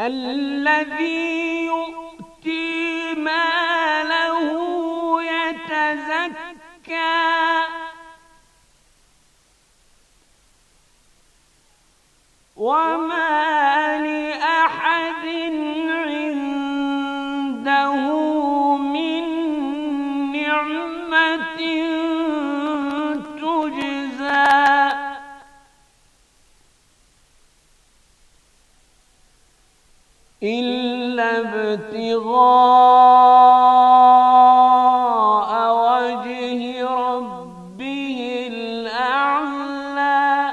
الذي يؤتي ماله يتزكى وما لي ابتغاء وجه ربه الأعلى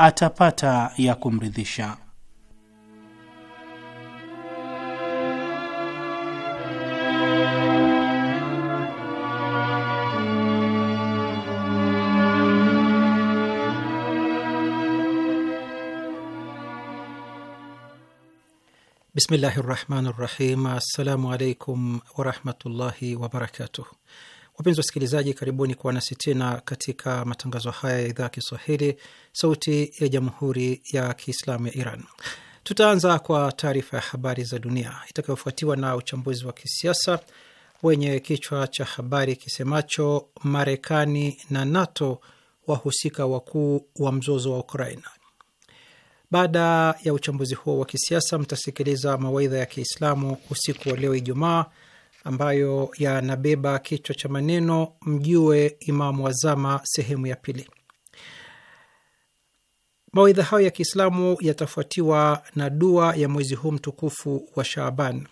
atapata ya kumridhisha. Bismillahi rahmani rahim. Assalamu alaikum warahmatullahi wabarakatuh. Wapenzi wasikilizaji, karibuni kuwa nasi tena katika matangazo haya ya idhaa ya Kiswahili, Sauti ya Jamhuri ya Kiislamu ya Iran. Tutaanza kwa taarifa ya habari za dunia itakayofuatiwa na uchambuzi wa kisiasa wenye kichwa cha habari kisemacho Marekani na NATO wahusika wakuu wa mzozo wa Ukraina. Baada ya uchambuzi huo wa kisiasa, mtasikiliza mawaidha ya Kiislamu usiku wa leo Ijumaa ambayo yanabeba kichwa cha maneno mjue Imamu Wazama, sehemu ya pili. Mawaidha hayo ya Kiislamu yatafuatiwa na dua ya mwezi huu mtukufu wa Shaaban.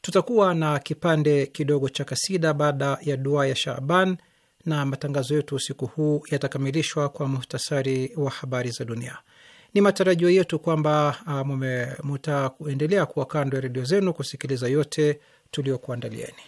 Tutakuwa na kipande kidogo cha kasida baada ya dua ya Shaaban, na matangazo yetu usiku huu yatakamilishwa kwa muhtasari wa habari za dunia. Ni matarajio yetu kwamba uh, mutaendelea kuwa kando ya redio zenu kusikiliza yote tuliokuandalieni.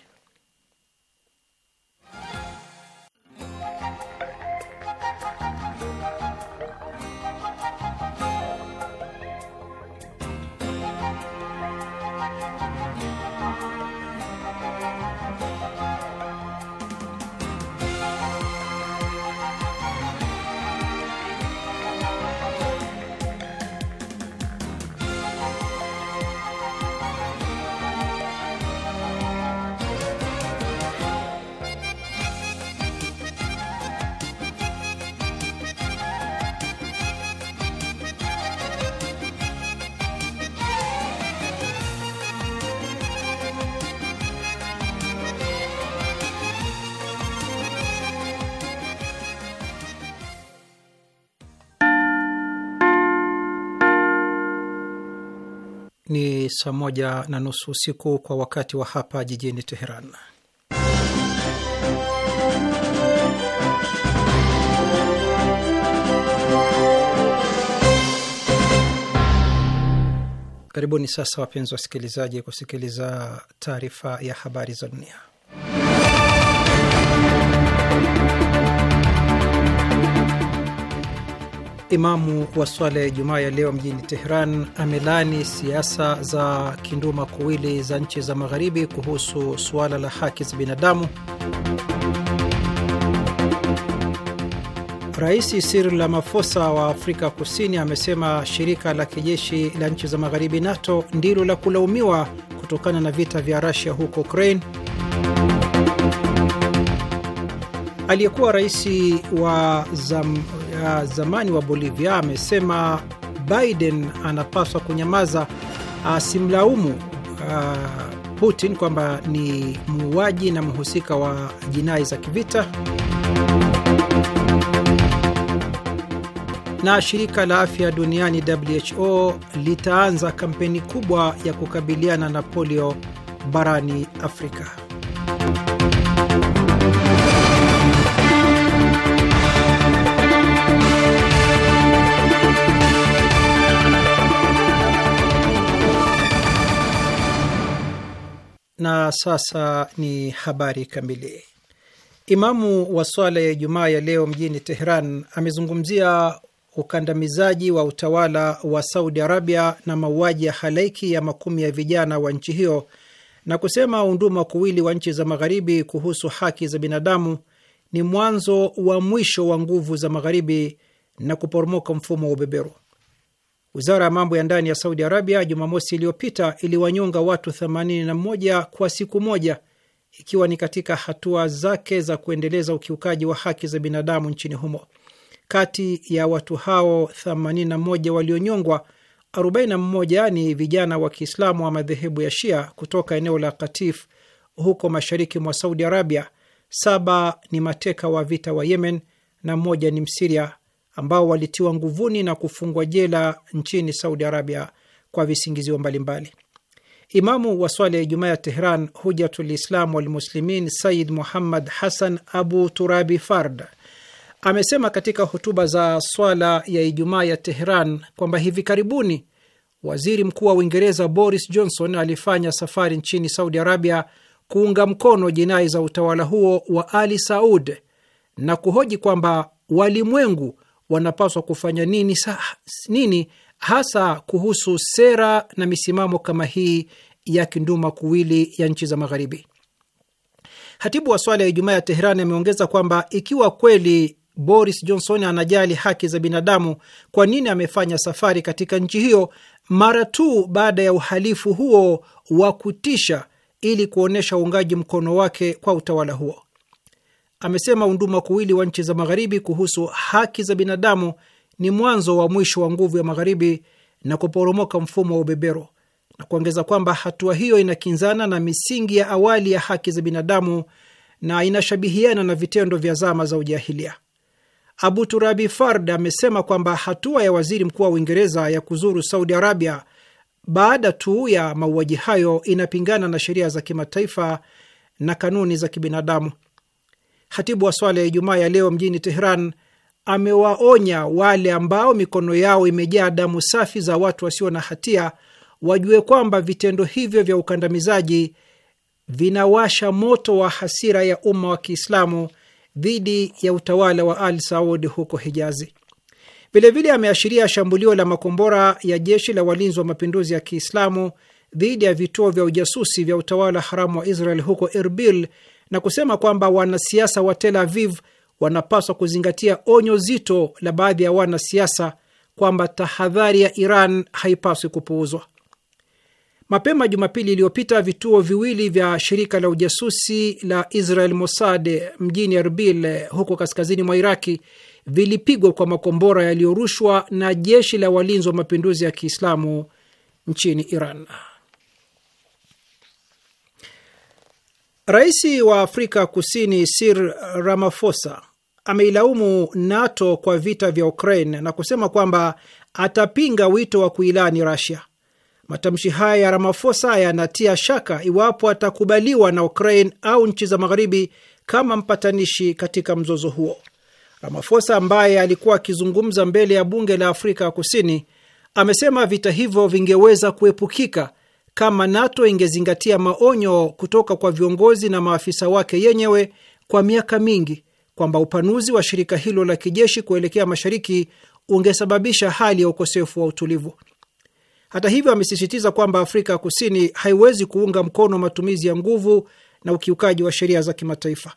saa moja na nusu usiku kwa wakati wa hapa jijini Teheran. Karibuni sasa wapenzi wasikilizaji, kusikiliza taarifa ya habari za dunia. Imamu wa swala ya Ijumaa ya leo mjini Teheran amelani siasa za kinduma kuwili za nchi za Magharibi kuhusu suala la haki za binadamu. Rais Cyril Ramaphosa wa Afrika Kusini amesema shirika la kijeshi la nchi za Magharibi NATO ndilo la kulaumiwa kutokana na vita vya Russia huko Ukraine. Aliyekuwa rais wa zam, zamani wa Bolivia amesema Biden anapaswa kunyamaza, asimlaumu uh, Putin kwamba ni muuaji na mhusika wa jinai za kivita. Na shirika la afya duniani WHO litaanza kampeni kubwa ya kukabiliana na polio barani Afrika. Na sasa ni habari kamili. Imamu wa swala ya Ijumaa ya leo mjini Teheran amezungumzia ukandamizaji wa utawala wa Saudi Arabia na mauaji ya halaiki ya makumi ya vijana wa nchi hiyo na kusema unduma kuwili wa nchi za Magharibi kuhusu haki za binadamu ni mwanzo wa mwisho wa nguvu za Magharibi na kuporomoka mfumo wa ubeberu. Wizara ya mambo ya ndani ya Saudi Arabia Jumamosi iliyopita iliwanyonga watu 81 kwa siku moja, ikiwa ni katika hatua zake za kuendeleza ukiukaji wa haki za binadamu nchini humo. Kati ya watu hao 81 walionyongwa, 41 ni vijana wa Kiislamu wa madhehebu ya Shia kutoka eneo la Katif huko mashariki mwa Saudi Arabia, saba ni mateka wa vita wa Yemen na mmoja ni Msiria ambao walitiwa nguvuni na kufungwa jela nchini Saudi Arabia kwa visingizio mbalimbali. Imamu wa swala ya Ijumaa ya Tehran, Hujatul Islam Walmuslimin Sayid Muhammad Hasan Abu Turabi Fard amesema katika hotuba za swala ya Ijumaa ya Tehran kwamba hivi karibuni waziri mkuu wa Uingereza Boris Johnson alifanya safari nchini Saudi Arabia kuunga mkono jinai za utawala huo wa Ali Saud na kuhoji kwamba walimwengu wanapaswa kufanya nini, sa, nini hasa kuhusu sera na misimamo kama hii ya kinduma kuwili ya nchi za Magharibi. Hatibu wa swala ya Ijumaa ya Teherani ameongeza kwamba ikiwa kweli Boris Johnson anajali haki za binadamu, kwa nini amefanya safari katika nchi hiyo mara tu baada ya uhalifu huo wa kutisha ili kuonyesha uungaji mkono wake kwa utawala huo? amesema unduma kuwili wa nchi za magharibi kuhusu haki za binadamu ni mwanzo wa mwisho wa nguvu ya magharibi na kuporomoka mfumo wa ubebero, na kuongeza kwamba hatua hiyo inakinzana na misingi ya awali ya haki za binadamu na inashabihiana na vitendo vya zama za ujahilia. Abu Turabi Fard amesema kwamba hatua ya waziri mkuu wa Uingereza ya kuzuru Saudi Arabia baada tu ya mauaji hayo inapingana na sheria za kimataifa na kanuni za kibinadamu. Khatibu wa swala ya Ijumaa ya leo mjini Teheran amewaonya wale ambao mikono yao imejaa damu safi za watu wasio na hatia wajue kwamba vitendo hivyo vya ukandamizaji vinawasha moto wa hasira ya umma wa Kiislamu dhidi ya utawala wa Al Saud huko Hijazi. Vilevile ameashiria shambulio la makombora ya jeshi la walinzi wa mapinduzi ya Kiislamu dhidi ya vituo vya ujasusi vya utawala haramu wa Israel huko Erbil na kusema kwamba wanasiasa wa Tel Aviv wanapaswa kuzingatia onyo zito la baadhi ya wanasiasa kwamba tahadhari ya Iran haipaswi kupuuzwa. Mapema Jumapili iliyopita vituo viwili vya shirika la ujasusi la Israel Mossad mjini Erbil huko kaskazini mwa Iraki vilipigwa kwa makombora yaliyorushwa na jeshi la walinzi wa mapinduzi ya Kiislamu nchini Iran. Rais wa Afrika Kusini sir ramafosa ameilaumu NATO kwa vita vya Ukraine na kusema kwamba atapinga wito wa kuilani rasia Matamshi haya ya Ramafosa yanatia shaka iwapo atakubaliwa na Ukraine au nchi za Magharibi kama mpatanishi katika mzozo huo. ramafosa ambaye alikuwa akizungumza mbele ya bunge la Afrika Kusini amesema vita hivyo vingeweza kuepukika kama NATO ingezingatia maonyo kutoka kwa viongozi na maafisa wake yenyewe kwa miaka mingi kwamba upanuzi wa shirika hilo la kijeshi kuelekea mashariki ungesababisha hali ya ukosefu wa utulivu. Hata hivyo, amesisitiza kwamba Afrika ya Kusini haiwezi kuunga mkono matumizi ya nguvu na ukiukaji wa sheria za kimataifa.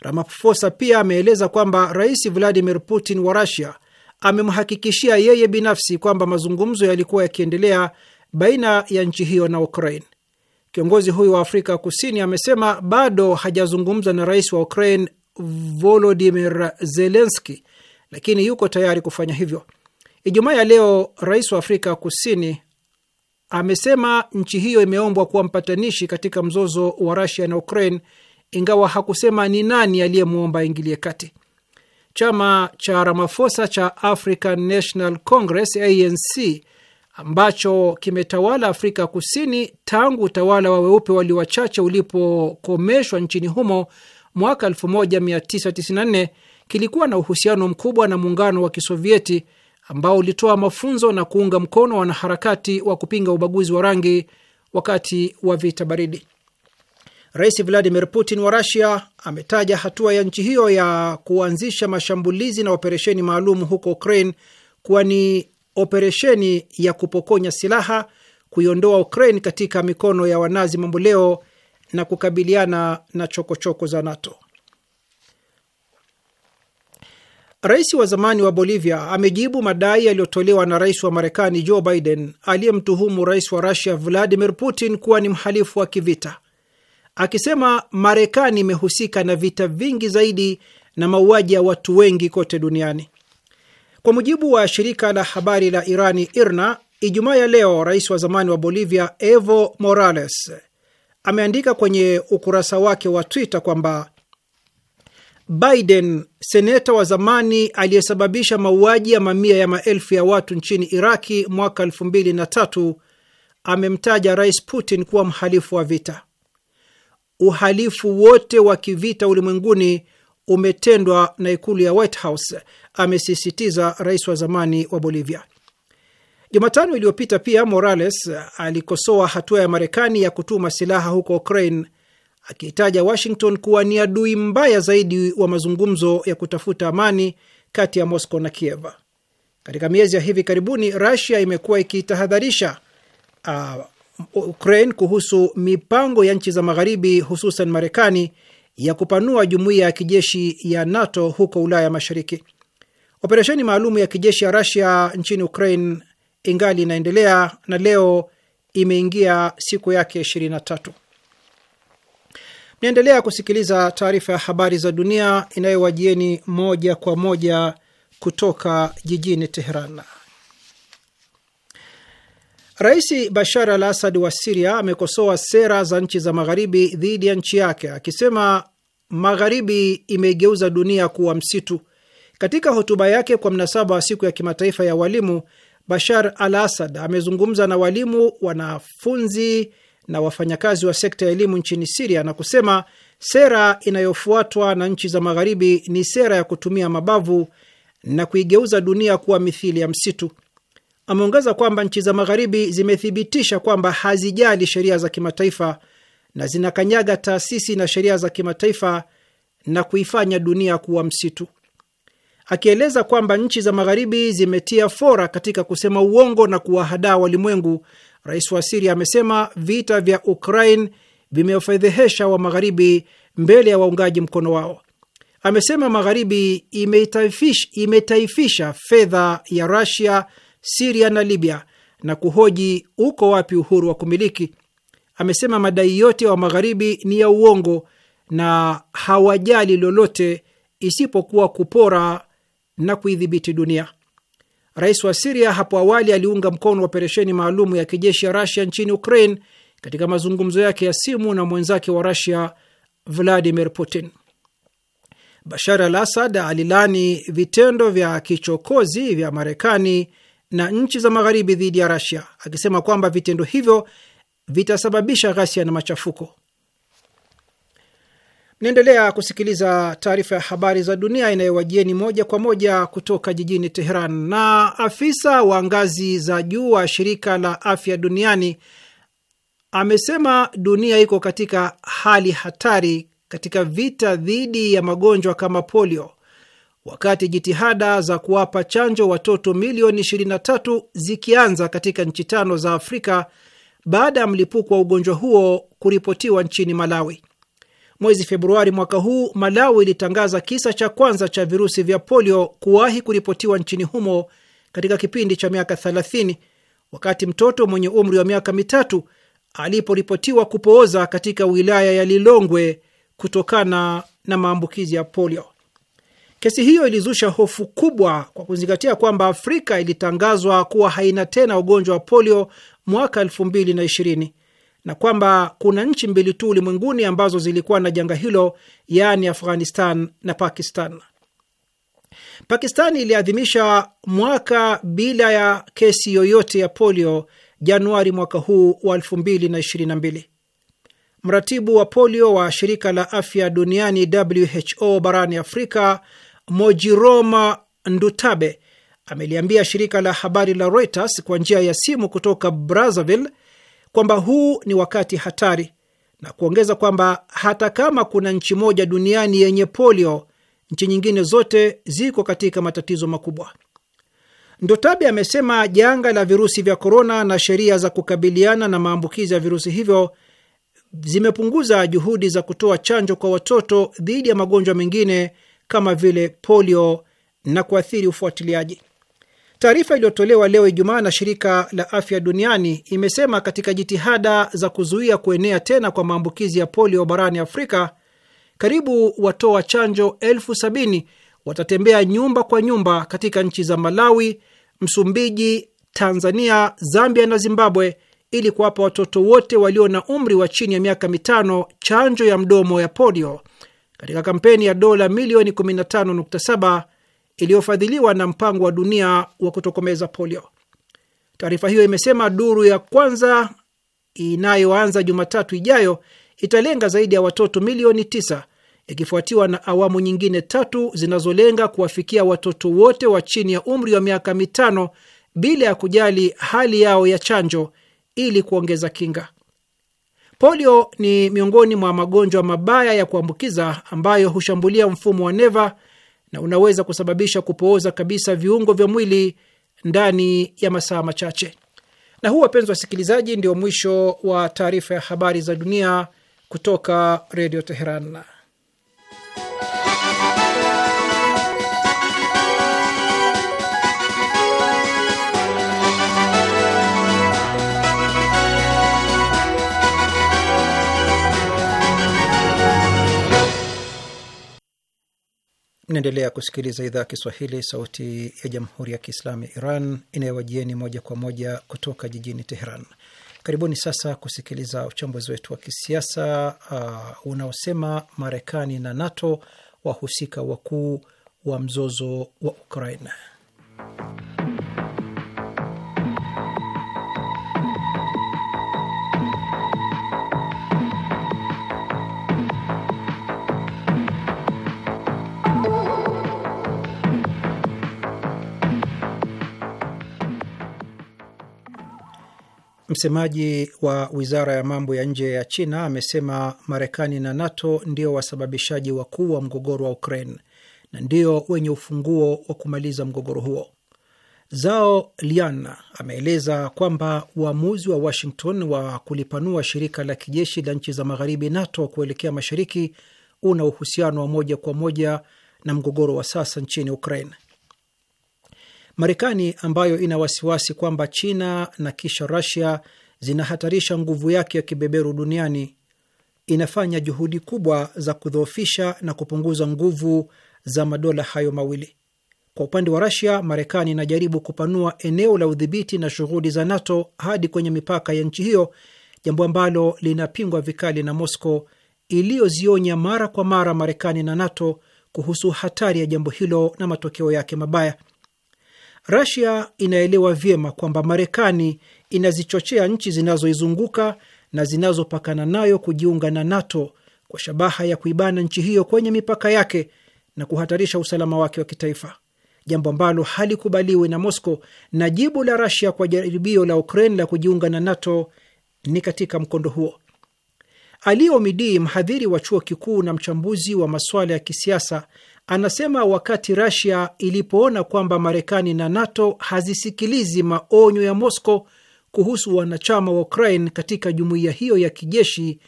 Ramaphosa pia ameeleza kwamba Rais Vladimir Putin wa Russia amemhakikishia yeye binafsi kwamba mazungumzo yalikuwa yakiendelea baina ya nchi hiyo na Ukraine. Kiongozi huyu wa Afrika Kusini amesema bado hajazungumza na rais wa Ukraine Volodimir Zelenski, lakini yuko tayari kufanya hivyo. Ijumaa ya leo, rais wa Afrika Kusini amesema nchi hiyo imeombwa kuwa mpatanishi katika mzozo wa Rusia na Ukraine, ingawa hakusema ni nani aliyemwomba aingilie kati. Chama cha ramafosa cha African National Congress ANC ambacho kimetawala Afrika Kusini tangu utawala wa weupe walio wachache ulipokomeshwa nchini humo mwaka 1994 kilikuwa na uhusiano mkubwa na muungano wa Kisovieti ambao ulitoa mafunzo na kuunga mkono wanaharakati wa kupinga ubaguzi wa rangi wakati wa vita baridi. Rais Vladimir Putin wa rusia ametaja hatua ya nchi hiyo ya kuanzisha mashambulizi na operesheni maalum huko Ukraine kuwa ni operesheni ya kupokonya silaha, kuiondoa Ukraine katika mikono ya wanazi mambo leo na kukabiliana na chokochoko choko za NATO. Rais wa zamani wa Bolivia amejibu madai yaliyotolewa na rais wa Marekani Joe Biden aliyemtuhumu rais wa Rusia Vladimir Putin kuwa ni mhalifu wa kivita, akisema Marekani imehusika na vita vingi zaidi na mauaji ya watu wengi kote duniani. Kwa mujibu wa shirika la habari la Irani IRNA, Ijumaa ya leo rais wa zamani wa Bolivia Evo Morales ameandika kwenye ukurasa wake wa Twitter kwamba Biden, seneta wa zamani aliyesababisha mauaji ya mamia ya maelfu ya watu nchini Iraki mwaka elfu mbili na tatu, amemtaja rais Putin kuwa mhalifu wa vita. Uhalifu wote wa kivita ulimwenguni umetendwa na ikulu ya White House amesisitiza rais wa zamani wa Bolivia. Jumatano iliyopita pia Morales alikosoa hatua ya Marekani ya kutuma silaha huko Ukraine, akiitaja Washington kuwa ni adui mbaya zaidi wa mazungumzo ya kutafuta amani kati ya Moscow na Kiev. Katika miezi ya hivi karibuni, Russia imekuwa ikitahadharisha uh, Ukraine kuhusu mipango ya nchi za magharibi, hususan Marekani, ya kupanua jumuiya ya kijeshi ya NATO huko Ulaya Mashariki. Operesheni maalum ya kijeshi ya Rasia nchini Ukraine ingali inaendelea na leo imeingia siku yake 23. Mnaendelea kusikiliza taarifa ya habari za dunia inayowajieni moja kwa moja kutoka jijini Teheran. Rais Bashar al Asad wa Siria amekosoa sera za nchi za magharibi dhidi ya nchi yake akisema magharibi imeigeuza dunia kuwa msitu katika hotuba yake kwa mnasaba wa siku ya kimataifa ya walimu, Bashar al Asad amezungumza na walimu, wanafunzi na wafanyakazi wa sekta ya elimu nchini Siria na kusema sera inayofuatwa na nchi za Magharibi ni sera ya kutumia mabavu na kuigeuza dunia kuwa mithili ya msitu. Ameongeza kwamba nchi za Magharibi zimethibitisha kwamba hazijali sheria za kimataifa na zinakanyaga taasisi na sheria za kimataifa na kuifanya dunia kuwa msitu akieleza kwamba nchi za magharibi zimetia fora katika kusema uongo na kuwahadaa walimwengu. Rais wa Siria amesema vita vya Ukraine vimewafedhehesha wa magharibi mbele ya waungaji mkono wao. Amesema magharibi imetaifisha, imetaifisha fedha ya rasia Siria na Libya na kuhoji uko wapi uhuru wa kumiliki. Amesema madai yote wa magharibi ni ya uongo na hawajali lolote isipokuwa kupora na kuidhibiti dunia. Rais wa Siria hapo awali aliunga mkono operesheni maalum ya kijeshi ya Rasia nchini Ukraine katika mazungumzo yake ya simu na mwenzake wa Rasia Vladimir Putin. Bashar al Asad alilani vitendo vya kichokozi vya Marekani na nchi za Magharibi dhidi ya Rasia, akisema kwamba vitendo hivyo vitasababisha ghasia na machafuko naendelea kusikiliza taarifa ya habari za dunia inayowajieni moja kwa moja kutoka jijini Teheran. Na afisa wa ngazi za juu wa shirika la afya duniani amesema dunia iko katika hali hatari katika vita dhidi ya magonjwa kama polio, wakati jitihada za kuwapa chanjo watoto milioni 23 zikianza katika nchi tano za Afrika baada ya mlipuko wa ugonjwa huo kuripotiwa nchini Malawi mwezi Februari mwaka huu, Malawi ilitangaza kisa cha kwanza cha virusi vya polio kuwahi kuripotiwa nchini humo katika kipindi cha miaka 30 wakati mtoto mwenye umri wa miaka mitatu aliporipotiwa kupooza katika wilaya ya Lilongwe kutokana na maambukizi ya polio. Kesi hiyo ilizusha hofu kubwa kwa kuzingatia kwamba Afrika ilitangazwa kuwa haina tena ugonjwa wa polio mwaka 2020 na kwamba kuna nchi mbili tu ulimwenguni ambazo zilikuwa na janga hilo, yaani Afghanistan na Pakistan. Pakistan iliadhimisha mwaka bila ya kesi yoyote ya polio Januari mwaka huu wa 2022. Mratibu wa polio wa shirika la afya duniani WHO barani Afrika, Mojiroma Ndutabe, ameliambia shirika la habari la Reuters kwa njia ya simu kutoka Brazzaville kwamba huu ni wakati hatari na kuongeza kwamba hata kama kuna nchi moja duniani yenye polio, nchi nyingine zote ziko katika matatizo makubwa. Ndotabe amesema janga la virusi vya korona na sheria za kukabiliana na maambukizi ya virusi hivyo zimepunguza juhudi za kutoa chanjo kwa watoto dhidi ya magonjwa mengine kama vile polio na kuathiri ufuatiliaji. Taarifa iliyotolewa leo Ijumaa na shirika la afya duniani imesema katika jitihada za kuzuia kuenea tena kwa maambukizi ya polio barani Afrika, karibu watoa chanjo elfu sabini watatembea nyumba kwa nyumba katika nchi za Malawi, Msumbiji, Tanzania, Zambia na Zimbabwe ili kuwapa watoto wote walio na umri wa chini ya miaka mitano chanjo ya mdomo ya polio katika kampeni ya dola milioni 15.7 iliyofadhiliwa na mpango wa dunia wa kutokomeza polio. Taarifa hiyo imesema duru ya kwanza inayoanza Jumatatu ijayo italenga zaidi ya watoto milioni tisa ikifuatiwa na awamu nyingine tatu zinazolenga kuwafikia watoto wote wa chini ya umri wa miaka mitano bila ya kujali hali yao ya chanjo ili kuongeza kinga. Polio ni miongoni mwa magonjwa mabaya ya kuambukiza ambayo hushambulia mfumo wa neva na unaweza kusababisha kupooza kabisa viungo vya mwili ndani ya masaa machache. Na huu, wapenzi wasikilizaji, ndio mwisho wa taarifa ya habari za dunia kutoka Redio Teheran. Mnaendelea kusikiliza idhaa ya Kiswahili, sauti ya jamhuri ya kiislamu ya Iran inayowajieni moja kwa moja kutoka jijini Teheran. Karibuni sasa kusikiliza uchambuzi wetu wa kisiasa uh, unaosema Marekani na NATO wahusika wakuu wa mzozo wa Ukraina. Msemaji wa wizara ya mambo ya nje ya China amesema Marekani na NATO ndio wasababishaji wakuu wa mgogoro wa Ukraine na ndio wenye ufunguo wa kumaliza mgogoro huo. Zao Lian ameeleza kwamba uamuzi wa Washington wa kulipanua shirika la kijeshi la nchi za magharibi NATO kuelekea mashariki una uhusiano wa moja kwa moja na mgogoro wa sasa nchini Ukraine. Marekani ambayo ina wasiwasi kwamba China na kisha rasia zinahatarisha nguvu yake ya kibeberu duniani inafanya juhudi kubwa za kudhoofisha na kupunguza nguvu za madola hayo mawili. Kwa upande wa rasia Marekani inajaribu kupanua eneo la udhibiti na shughuli za NATO hadi kwenye mipaka ya nchi hiyo, jambo ambalo linapingwa vikali na Moscow iliyozionya mara kwa mara Marekani na NATO kuhusu hatari ya jambo hilo na matokeo yake mabaya. Rasia inaelewa vyema kwamba Marekani inazichochea nchi zinazoizunguka na zinazopakana nayo kujiunga na NATO kwa shabaha ya kuibana nchi hiyo kwenye mipaka yake na kuhatarisha usalama wake wa kitaifa, jambo ambalo halikubaliwi na Moscow, na jibu la Rasia kwa jaribio la Ukraine la kujiunga na NATO ni katika mkondo huo. Ali Omidi, mhadhiri wa chuo kikuu na mchambuzi wa masuala ya kisiasa, Anasema wakati Rasia ilipoona kwamba Marekani na NATO hazisikilizi maonyo ya Moscow kuhusu wanachama wa Ukraine katika jumuiya hiyo ya kijeshi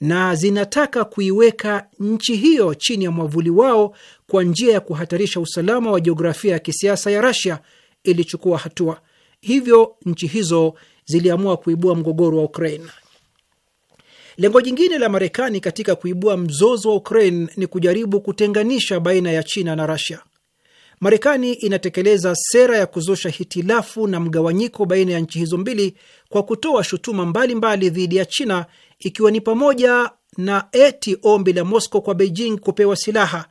na zinataka kuiweka nchi hiyo chini ya mwavuli wao kwa njia ya kuhatarisha usalama wa jiografia ya kisiasa ya Rasia, ilichukua hatua. Hivyo nchi hizo ziliamua kuibua mgogoro wa Ukraine. Lengo jingine la Marekani katika kuibua mzozo wa Ukraine ni kujaribu kutenganisha baina ya China na Rasia. Marekani inatekeleza sera ya kuzusha hitilafu na mgawanyiko baina ya nchi hizo mbili kwa kutoa shutuma mbalimbali dhidi ya China, ikiwa ni pamoja na eti ombi la Moscow kwa Beijing kupewa silaha,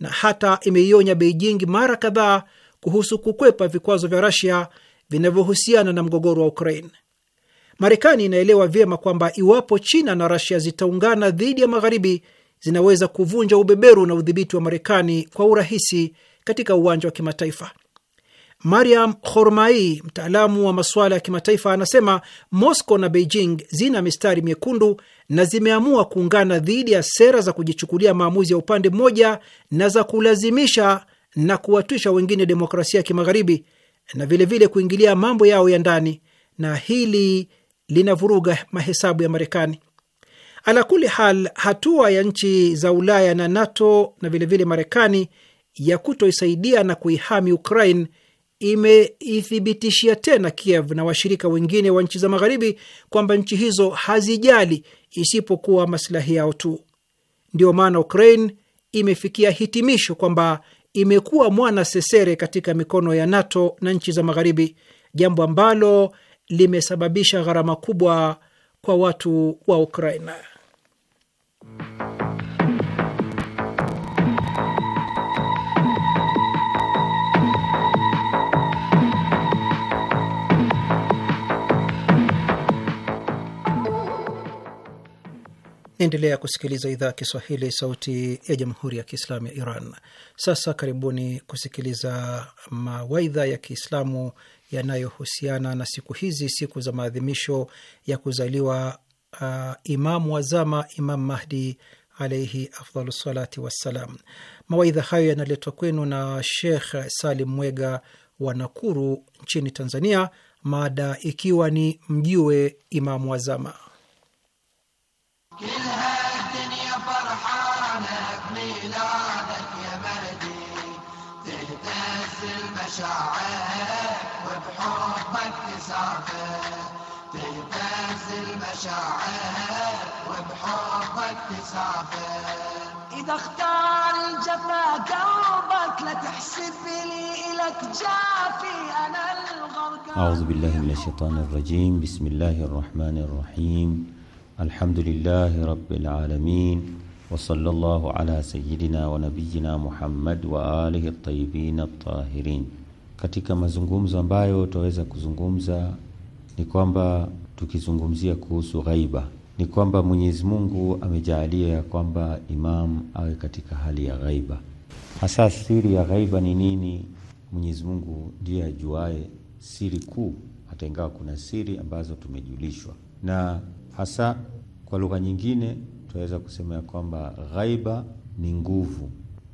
na hata imeionya Beijing mara kadhaa kuhusu kukwepa vikwazo vya Rasia vinavyohusiana na mgogoro wa Ukraine. Marekani inaelewa vyema kwamba iwapo China na Rasia zitaungana dhidi ya Magharibi, zinaweza kuvunja ubeberu na udhibiti wa Marekani kwa urahisi katika uwanja wa kimataifa. Mariam Hormai, mtaalamu wa masuala ya kimataifa, anasema Moscow na Beijing zina mistari miekundu na zimeamua kuungana dhidi ya sera za kujichukulia maamuzi ya upande mmoja na za kulazimisha na kuwatwisha wengine demokrasia ya kimagharibi na vilevile vile kuingilia mambo yao ya ndani, na hili linavuruga mahesabu ya Marekani. Ala kuli hal, hatua ya nchi za Ulaya na NATO na vilevile Marekani ya kutoisaidia na kuihami Ukraine imeithibitishia tena Kiev na washirika wengine wa nchi za Magharibi kwamba nchi hizo hazijali isipokuwa masilahi yao tu. Ndiyo maana Ukraine imefikia hitimisho kwamba imekuwa mwana sesere katika mikono ya NATO na nchi za Magharibi, jambo ambalo limesababisha gharama kubwa kwa watu wa Ukraina. Naendelea kusikiliza idhaa ya Kiswahili, sauti ya jamhuri ya kiislamu ya Iran. Sasa karibuni kusikiliza mawaidha ya Kiislamu yanayohusiana na siku hizi, siku za maadhimisho ya kuzaliwa uh, Imamu wazama Imam Mahdi alaihi afdhalu salati wassalam. Mawaidha hayo yanaletwa kwenu na Shekh Salim Mwega wa Nakuru nchini Tanzania, mada ikiwa ni mjue Imamu wazama إذا اختار الجفا قلبك لا تحسب لي إلك جافي أنا الغرقان أعوذ بالله من الشيطان الرجيم بسم الله الرحمن الرحيم الحمد لله رب العالمين وصلى الله على سيدنا ونبينا محمد وآله الطيبين الطاهرين tayyibin Katika mazungumzo ambayo tutaweza kuzungumza ni kwamba tukizungumzia kuhusu ghaiba ni kwamba Mwenyezi Mungu amejaalia ya kwamba imam awe katika hali ya ghaiba. Hasa siri ya ghaiba ni nini? Mwenyezi Mungu ndiye ajuae siri kuu, hata ingawa kuna siri ambazo tumejulishwa, na hasa kwa lugha nyingine tunaweza kusema ya kwamba ghaiba ni nguvu.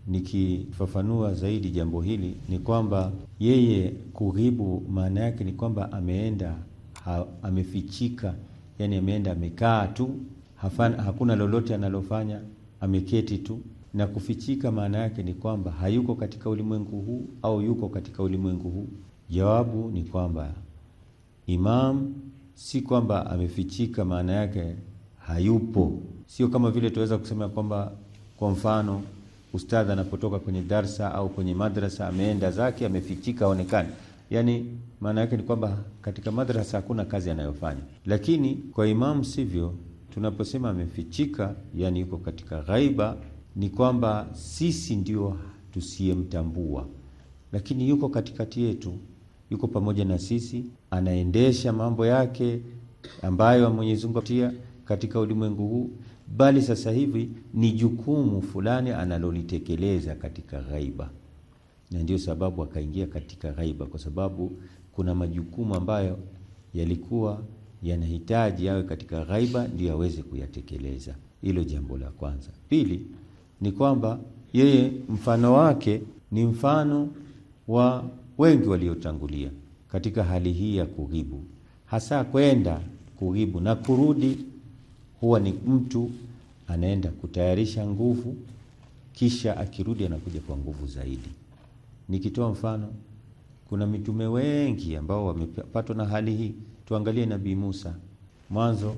Nikifafanua zaidi jambo hili ni kwamba yeye kughibu maana yake ni kwamba ameenda ha, amefichika yani ameenda amekaa tu hafana, hakuna lolote analofanya, ameketi tu. Na kufichika maana yake ni kwamba hayuko katika ulimwengu huu au yuko katika ulimwengu huu? Jawabu ni kwamba imam si kwamba amefichika, maana yake hayupo. Sio kama vile tuweza kusema kwamba kwa mfano ustadha anapotoka kwenye darsa au kwenye madrasa ameenda zake, amefichika, aonekani yani maana yake ni kwamba katika madrasa hakuna kazi anayofanya, lakini kwa imamu sivyo. Tunaposema amefichika, yani yuko katika ghaiba, ni kwamba sisi ndio tusiyemtambua, lakini yuko katikati yetu, yuko pamoja na sisi, anaendesha mambo yake ambayo Mwenyezi Mungu atia katika ulimwengu huu, bali sasa hivi ni jukumu fulani analolitekeleza katika ghaiba na ndio sababu akaingia katika ghaiba, kwa sababu kuna majukumu ambayo yalikuwa yanahitaji yawe katika ghaiba ndio aweze kuyatekeleza. Hilo jambo la kwanza. Pili ni kwamba yeye mfano wake ni mfano wa wengi waliotangulia katika hali hii ya kughibu, hasa kwenda kughibu na kurudi. Huwa ni mtu anaenda kutayarisha nguvu, kisha akirudi anakuja kwa nguvu zaidi. Nikitoa mfano, kuna mitume wengi ambao wamepatwa na hali hii. Tuangalie Nabii Musa mwanzo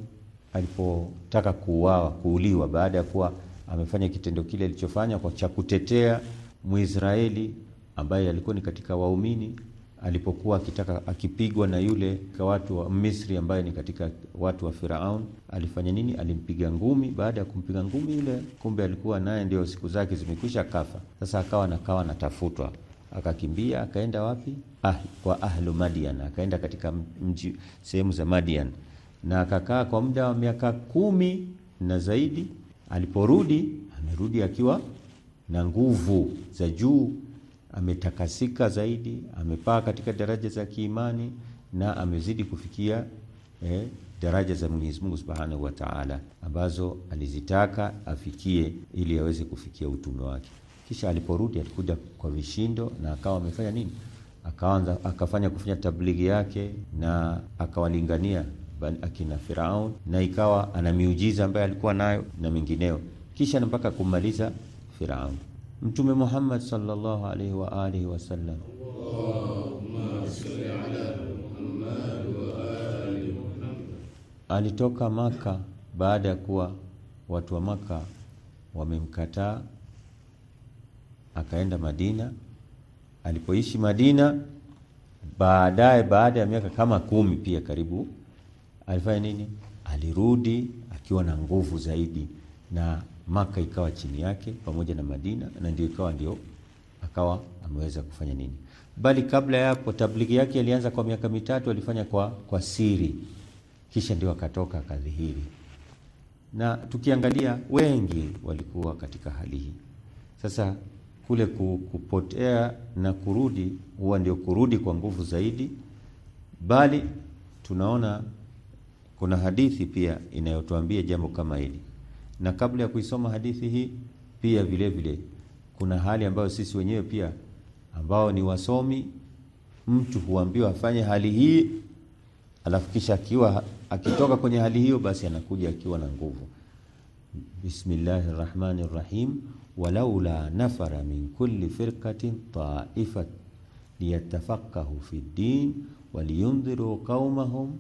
alipotaka kuuawa kuuliwa, baada ya kuwa amefanya kitendo kile alichofanya kwa cha kutetea Mwisraeli ambaye alikuwa ni katika waumini, alipokuwa akitaka akipigwa na yule watu wa Misri ambaye ni katika watu wa Firaun, alifanya nini? Alimpiga ngumi. Baada ya kumpiga ngumi yule, kumbe alikuwa naye ndio siku zake zimekwisha, kafa. Sasa akawa nakawa natafutwa akakimbia akaenda wapi? Ah, kwa ahlu Madian, akaenda katika mji sehemu za Madian na akakaa kwa muda wa miaka kumi na zaidi. Aliporudi amerudi akiwa na nguvu za juu, ametakasika zaidi, amepaa katika daraja za kiimani na amezidi kufikia eh, daraja za Mwenyezi Mungu Subhanahu wa Ta'ala ambazo alizitaka afikie ili aweze kufikia utume wake. Kisha aliporudi alikuja kwa vishindo na akawa amefanya nini, akaanza akafanya kufanya tablighi yake na akawalingania akina Firaun na ikawa ana miujiza ambayo alikuwa nayo na mingineo kisha na mpaka kumaliza Firaun. Mtume Muhammad sallallahu alaihi wa alihi wasallam alitoka Maka baada ya kuwa watu wa Maka wamemkataa akaenda Madina. Alipoishi Madina, baadaye, baada ya miaka kama kumi pia karibu, alifanya nini? Alirudi akiwa na nguvu zaidi, na Maka ikawa chini yake pamoja na Madina, na ndio ikawa ndio akawa ameweza kufanya nini. Bali kabla ya hapo, tablighi yake alianza kwa miaka mitatu, alifanya kwa, kwa siri, kisha ndio akatoka akadhihiri. Na tukiangalia wengi walikuwa katika hali hii sasa kule kupotea na kurudi huwa ndio kurudi kwa nguvu zaidi, bali tunaona kuna hadithi pia inayotuambia jambo kama hili, na kabla ya kuisoma hadithi hii pia vile vile kuna hali ambayo sisi wenyewe pia ambao ni wasomi, mtu huambiwa afanye hali hii, alafu kisha akiwa akitoka kwenye hali hiyo, basi anakuja akiwa na nguvu. Bismillahir Rahmanir Rahim walaula nafara min kulli firqatin taifat liyatafaqahu fi ddin waliyundhiru qaumahum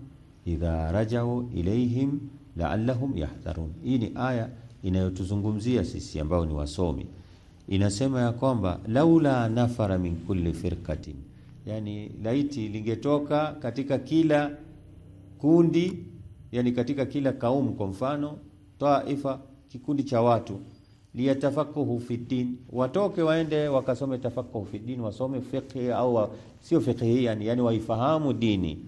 idha rajau ilaihim laallahum yahdharun. Hii ni aya inayotuzungumzia sisi ambao ni wasomi. Inasema ya kwamba laula nafara min kulli firqatin, yani laiti lingetoka katika kila kundi, yani katika kila kaumu, kwa mfano taifa, kikundi cha watu liyatafakuhu fi din, watoke waende wakasome tafakuhu fi din, wasome fiqh au sio fiqh yani, yani waifahamu dini.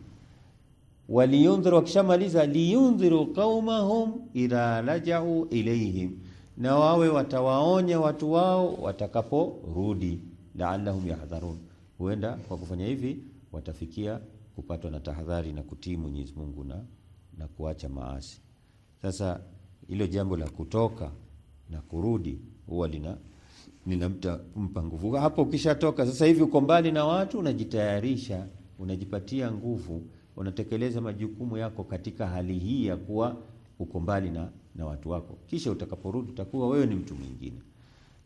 Waliyundhiru, wakishamaliza liyundhiru qaumahum idha rajau ilaihim, na wawe watawaonya watu wao watakaporudi. Laallahum yahdharun, huenda kwa kufanya hivi watafikia kupatwa na tahadhari na kutii Mwenyezi Mungu na, na kuacha maasi. Sasa hilo jambo la kutoka na kurudi huwa lina mpa nguvu. Hapo ukishatoka sasa hivi uko mbali na watu, unajitayarisha, unajipatia nguvu, unatekeleza majukumu yako katika hali hii ya kuwa uko mbali na, na watu wako, kisha utakaporudi utakuwa wewe ni mtu mwingine.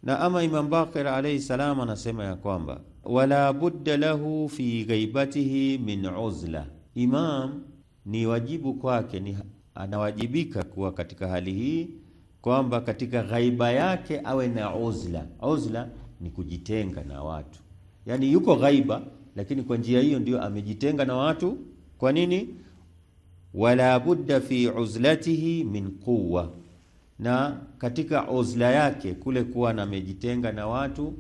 Na ama Imam Baqir alayhi salam anasema ya kwamba wala budda lahu fi ghaibatihi min uzla, imam ni wajibu kwake, ni anawajibika kuwa katika hali hii kwamba katika ghaiba yake awe na uzla. Uzla ni kujitenga na watu, yaani yuko ghaiba, lakini kwa njia hiyo ndio amejitenga na watu. Kwa nini? wala budda fi uzlatihi min quwwa, na katika uzla yake kule kuwa na amejitenga na watu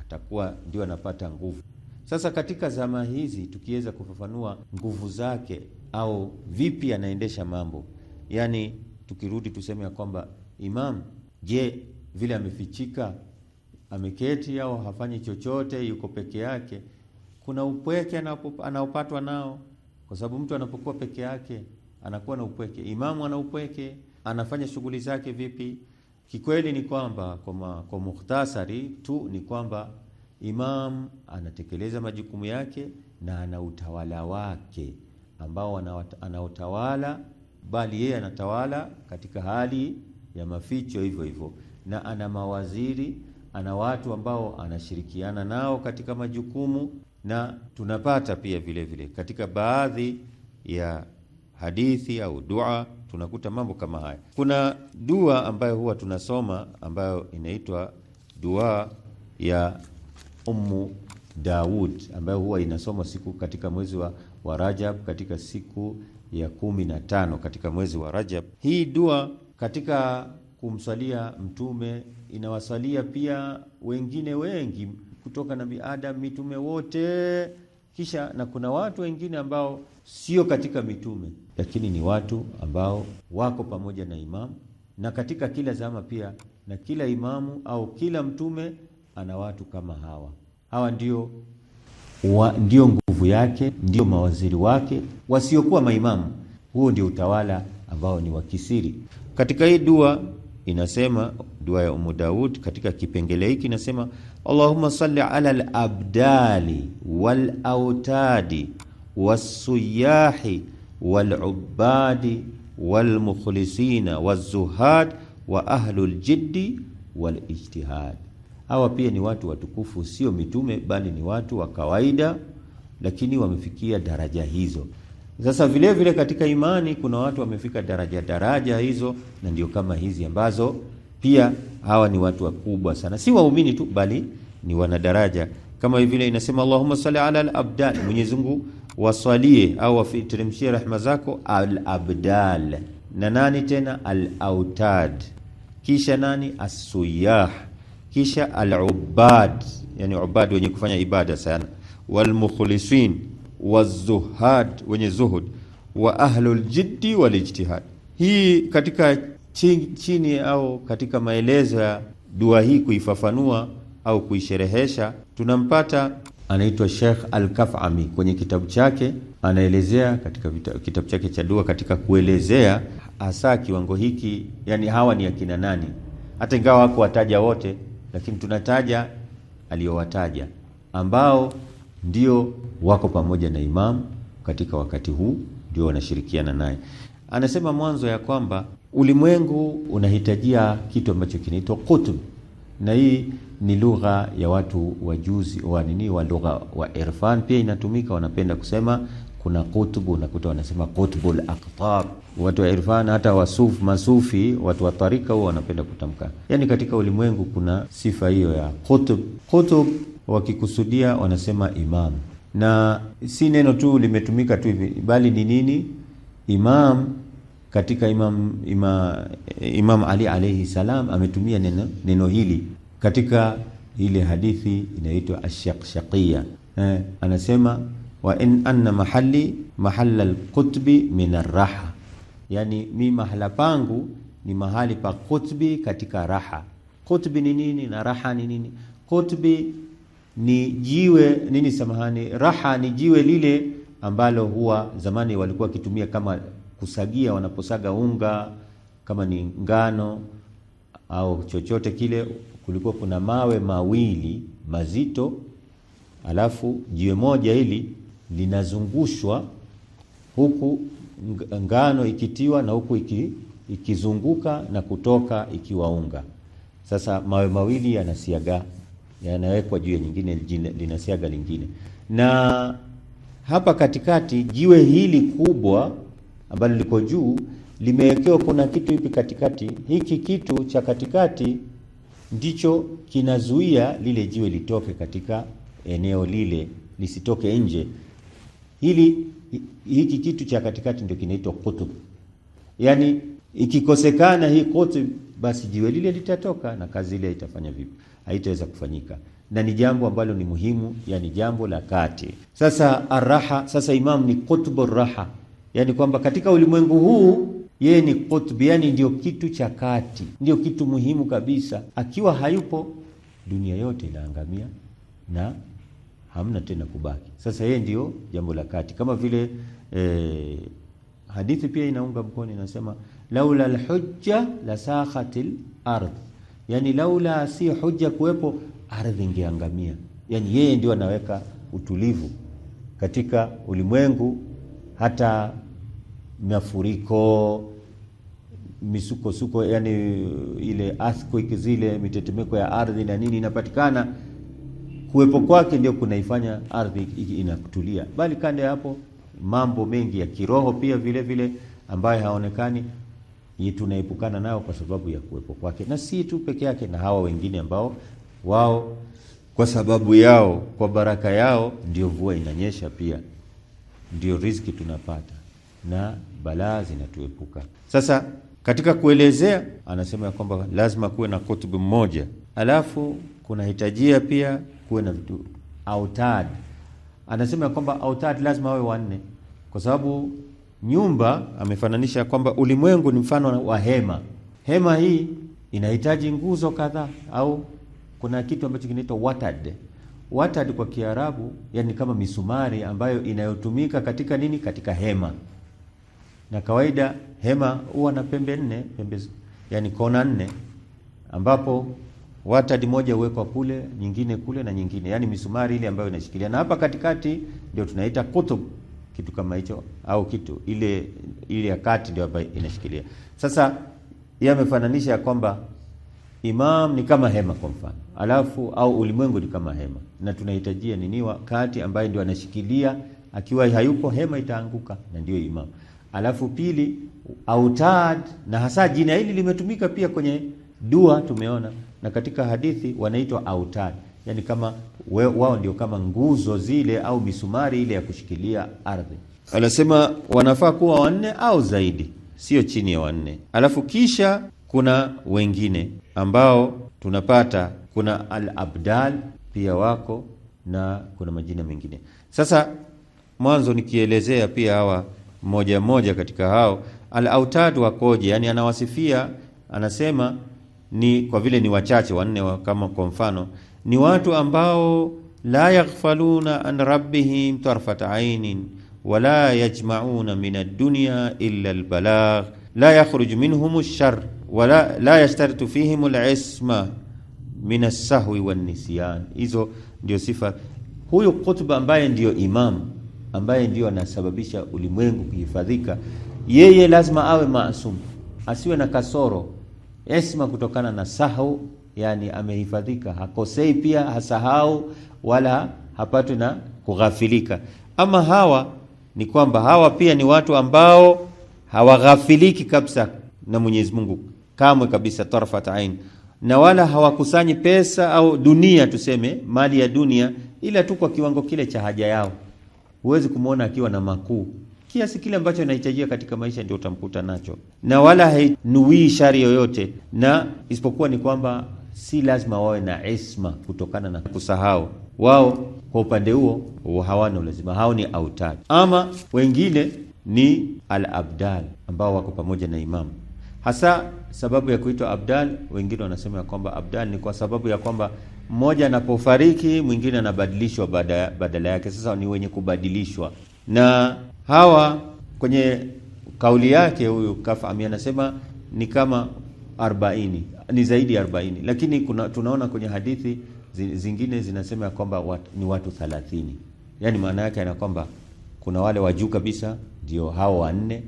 atakuwa ndio anapata nguvu. Sasa katika zama hizi tukiweza kufafanua nguvu zake au vipi anaendesha mambo, yani tukirudi tuseme ya kwamba Imam, je, vile amefichika, ameketi au hafanyi chochote, yuko peke yake? Kuna upweke anaopatwa nao, kwa sababu mtu anapokuwa peke yake anakuwa na upweke. Imamu ana upweke, anafanya shughuli zake vipi? Kikweli ni kwamba kwa, kwa mukhtasari tu ni kwamba imam anatekeleza majukumu yake na ana utawala wake ambao anaotawala bali yeye anatawala katika hali ya maficho hivyo hivyo, na ana mawaziri, ana watu ambao anashirikiana nao katika majukumu, na tunapata pia vile vile katika baadhi ya hadithi au dua tunakuta mambo kama haya. Kuna dua ambayo huwa tunasoma ambayo inaitwa dua ya Ummu Daud ambayo huwa inasomwa siku katika mwezi wa, wa Rajab katika siku ya kumi na tano katika mwezi wa Rajab. Hii dua katika kumswalia mtume inawasalia pia wengine wengi kutoka na Adam, mitume wote, kisha na kuna watu wengine ambao sio katika mitume, lakini ni watu ambao wako pamoja na imamu. Na katika kila zama pia na kila imamu au kila mtume ana watu kama hawa. Hawa ndio wa, ndio nguvu yake, ndio mawaziri wake wasiokuwa maimamu. Huo ndio utawala ambao ni wa kisiri. Katika hii dua inasema dua ya Umu Daud katika kipengele hiki inasema, Allahumma salli ala al-abdali wal autadi was-suyahi wal ubadi wal mukhlisina waz-zuhad wa ahlul jiddi wal ijtihad. Hawa pia ni watu watukufu, sio mitume bali ni watu wa kawaida, lakini wamefikia daraja hizo. Sasa vile vile katika imani kuna watu wamefika daraja daraja hizo, na ndio kama hizi ambazo pia hawa ni watu wakubwa sana, si waumini tu, bali ni wanadaraja. Kama vile inasema Allahumma salli ala al-abdal, Mwenyezi Mungu wasalie au wafiteremshie rahma zako al-abdal, na nani tena al-autad, kisha nani as-suyah, kisha al-ubad, yani ubad wenye kufanya ibada sana, wal mukhlisin wazuhad, wenye zuhud wa ahlul jiddi wal ijtihad. Hii katika chini, chini au katika maelezo ya dua hii kuifafanua au kuisherehesha tunampata anaitwa Sheikh Al-Kafami kwenye kitabu chake anaelezea katika kitabu chake cha dua katika kuelezea hasa kiwango hiki, yani hawa ni akina nani, hata ingawa wako wataja wote, lakini tunataja aliyowataja ambao ndio wako pamoja na imamu katika wakati huu, ndio wanashirikiana naye. Anasema mwanzo ya kwamba ulimwengu unahitajia kitu ambacho kinaitwa qutb, na hii ni lugha ya watu wajuzi wa nini wa lugha wa irfan, pia inatumika, wanapenda kusema kuna kutubu, unakuta wanasema qutbul aqtab. Watu wa irfan, hata wasuf, masufi, watu wa tarika huwa wanapenda kutamka. Yani katika ulimwengu kuna sifa hiyo ya qutb. Qutb wakikusudia wanasema imam, na si neno tu limetumika tu hivi, bali ni nini imam katika imam, ima, Imam Ali alayhi salam ametumia neno, neno hili katika ile hadithi inaitwa ashaqshaqia eh, anasema wa in anna mahalli mahalla alqutbi min arraha, yani mi mahala pangu ni mahali pa kutbi katika raha. kutbi ni nini na raha ni nini? kutbi ni jiwe nini, samahani, raha ni jiwe lile ambalo huwa zamani walikuwa wakitumia kama kusagia, wanaposaga unga kama ni ngano au chochote kile, kulikuwa kuna mawe mawili mazito, alafu jiwe moja hili linazungushwa huku ngano ikitiwa na huku iki, ikizunguka na kutoka ikiwa unga. Sasa mawe mawili yanasiaga yanawekwa juu ya nyingine, linasiaga lingine. Na hapa katikati jiwe hili kubwa ambalo liko juu limewekewa, kuna kitu hipi katikati. Hiki kitu cha katikati ndicho kinazuia lile jiwe litoke katika eneo lile, lisitoke nje. Hili hiki kitu cha katikati ndio kinaitwa kutub, yaani ikikosekana hii kutub, basi jiwe lile litatoka na kazi ile itafanya vipi? haitaweza kufanyika na ni jambo ambalo ni muhimu, yani jambo la kati. Sasa araha, sasa Imam ni qutbu raha, yani kwamba katika ulimwengu huu yeye ni qutbu, yani ndio kitu cha kati, ndio kitu muhimu kabisa. Akiwa hayupo dunia yote inaangamia na hamna tena kubaki. Sasa yeye ndio jambo la kati, kama vile eh, hadithi pia inaunga mkono, inasema laula alhujja la sakhatil ardh yani laula si hoja kuwepo, ardhi ingeangamia. Yani yeye ndio anaweka utulivu katika ulimwengu, hata mafuriko, misukosuko, yani ile earthquake, zile mitetemeko ya ardhi na nini inapatikana kuwepo kwake ndio kunaifanya ardhi inakutulia, bali kando ya hapo mambo mengi ya kiroho pia vile vile ambayo haonekani tunaepukana nao kwa sababu ya kuwepo kwake, na si tu peke yake, na hawa wengine ambao wao kwa sababu yao, kwa baraka yao ndio mvua inanyesha, pia ndio riziki tunapata na balaa zinatuepuka. Sasa katika kuelezea, anasema ya kwamba lazima kuwe na kutubu mmoja, alafu kunahitajia pia kuwe na vitu autad. Anasema ya kwamba autad lazima wawe wanne, kwa sababu Nyumba amefananisha kwamba ulimwengu ni mfano wa hema. Hema hii inahitaji nguzo kadhaa, au kuna kitu ambacho kinaitwa watad. Watad kwa Kiarabu yani kama misumari ambayo inayotumika katika nini, katika hema. Na kawaida hema huwa na pembe nne, pembe yani kona nne, ambapo watad moja huwekwa kule, nyingine kule na nyingine, yani misumari ile ambayo inashikilia, na hapa katikati ndio tunaita kutub kitu kama hicho au kitu ile ile ya kati ndio ambayo inashikilia. Sasa yeye amefananisha kwamba imam ni kama hema kwa mfano, alafu au ulimwengu ni kama hema, na tunahitajia nini? kati ambaye ndio anashikilia, akiwa hayupo hema itaanguka, na ndio imam. Alafu pili, autad, na hasa jina hili limetumika pia kwenye dua, tumeona na katika hadithi wanaitwa autad yani kama wao ndio kama nguzo zile au misumari ile ya kushikilia ardhi. Anasema wanafaa kuwa wanne au zaidi, sio chini ya wanne. Alafu kisha kuna wengine ambao tunapata, kuna al-abdal pia wako na kuna majina mengine. Sasa mwanzo nikielezea pia hawa mmoja mmoja katika hao al-autad wakoje, yani anawasifia, anasema ni kwa vile ni wachache wanne, kama kwa mfano ni watu ambao la yaghfaluna an rabbihim tarfat ainin wala yajmauna min ad-dunya illa al-balagh la yakhruj minhum ash-sharr wala la yashtartu fihim al-isma min as-sahwi wan-nisyan. Hizo ndio sifa huyu kutuba ambaye ndiyo imam ambaye ndio anasababisha ulimwengu kuhifadhika, yeye lazima awe maasum, asiwe na kasoro, isma kutokana na sahau yani amehifadhika, hakosei pia, hasahau wala hapatwi na kughafilika. Ama hawa ni kwamba hawa pia ni watu ambao hawaghafiliki kabisa na Mwenyezi Mungu kamwe kabisa, tarfat ain, na wala hawakusanyi pesa au dunia, tuseme mali ya dunia, ila tu kwa kiwango kile cha haja yao. Huwezi kumwona akiwa na makuu kiasi kile ambacho inahitajika katika maisha ndio utamkuta nacho, na wala hainuii shari yoyote, na isipokuwa ni kwamba si lazima wawe na isma kutokana na kusahau wao. Kwa upande huo hawana ulazima, hao ni autad. Ama wengine ni al-abdal ambao wako pamoja na imamu, hasa sababu ya kuitwa abdal. Wengine wanasema ya kwamba abdal ni kwa sababu ya kwamba mmoja anapofariki mwingine anabadilishwa badala yake. Sasa ni wenye kubadilishwa, na hawa kwenye kauli yake huyu Kafami anasema ni kama arbaini ni zaidi ya 40, lakini kuna, tunaona kwenye hadithi zingine zinasema ya kwamba wat, ni watu 30. Yani maana yake ana kwamba kuna wale wa juu kabisa ndio hao wanne,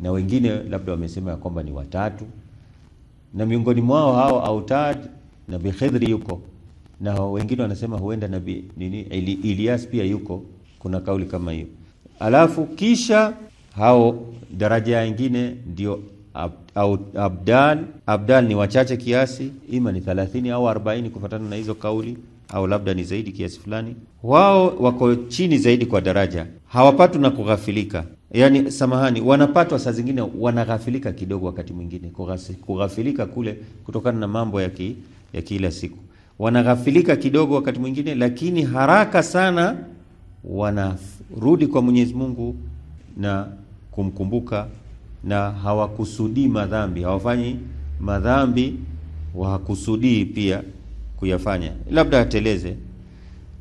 na wengine labda wamesema ya kwamba ni watatu, na miongoni mwao hao Autad na Khidri yuko na wengine wanasema huenda nabii nini Ilias pia yuko, kuna kauli kama hiyo. Alafu kisha hao daraja nyingine ndio au abdal abdal ni wachache kiasi, ima ni 30 au 40 kufatana na hizo kauli, au labda ni zaidi kiasi fulani. Wao wako chini zaidi kwa daraja, hawapatwi na kughafilika Yani, samahani, wanapatwa saa zingine, wanaghafilika kidogo, wakati mwingine kughafilika kule kutokana na mambo ya, ki, ya kila siku, wanaghafilika kidogo wakati mwingine, lakini haraka sana wanarudi kwa Mwenyezi Mungu na kumkumbuka na hawakusudii madhambi, hawafanyi madhambi, wakusudii pia kuyafanya, labda ateleze.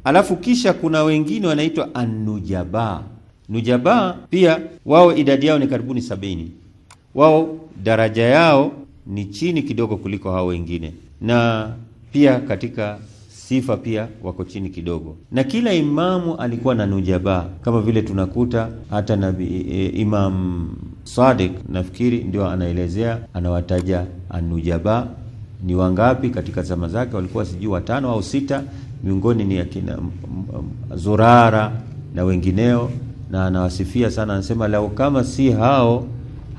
Alafu kisha kuna wengine wanaitwa anujaba. Nujaba pia wao idadi yao ni karibuni sabini. Wao daraja yao ni chini kidogo kuliko hao wengine, na pia katika sifa pia wako chini kidogo, na kila imamu alikuwa na nujaba kama vile tunakuta hata nabi, e, Imam Sadiq nafikiri ndio anaelezea, anawataja anujaba ni wangapi katika zama zake, walikuwa sijui watano au sita, miongoni ni akina Zurara na wengineo, na anawasifia sana, anasema lau kama si hao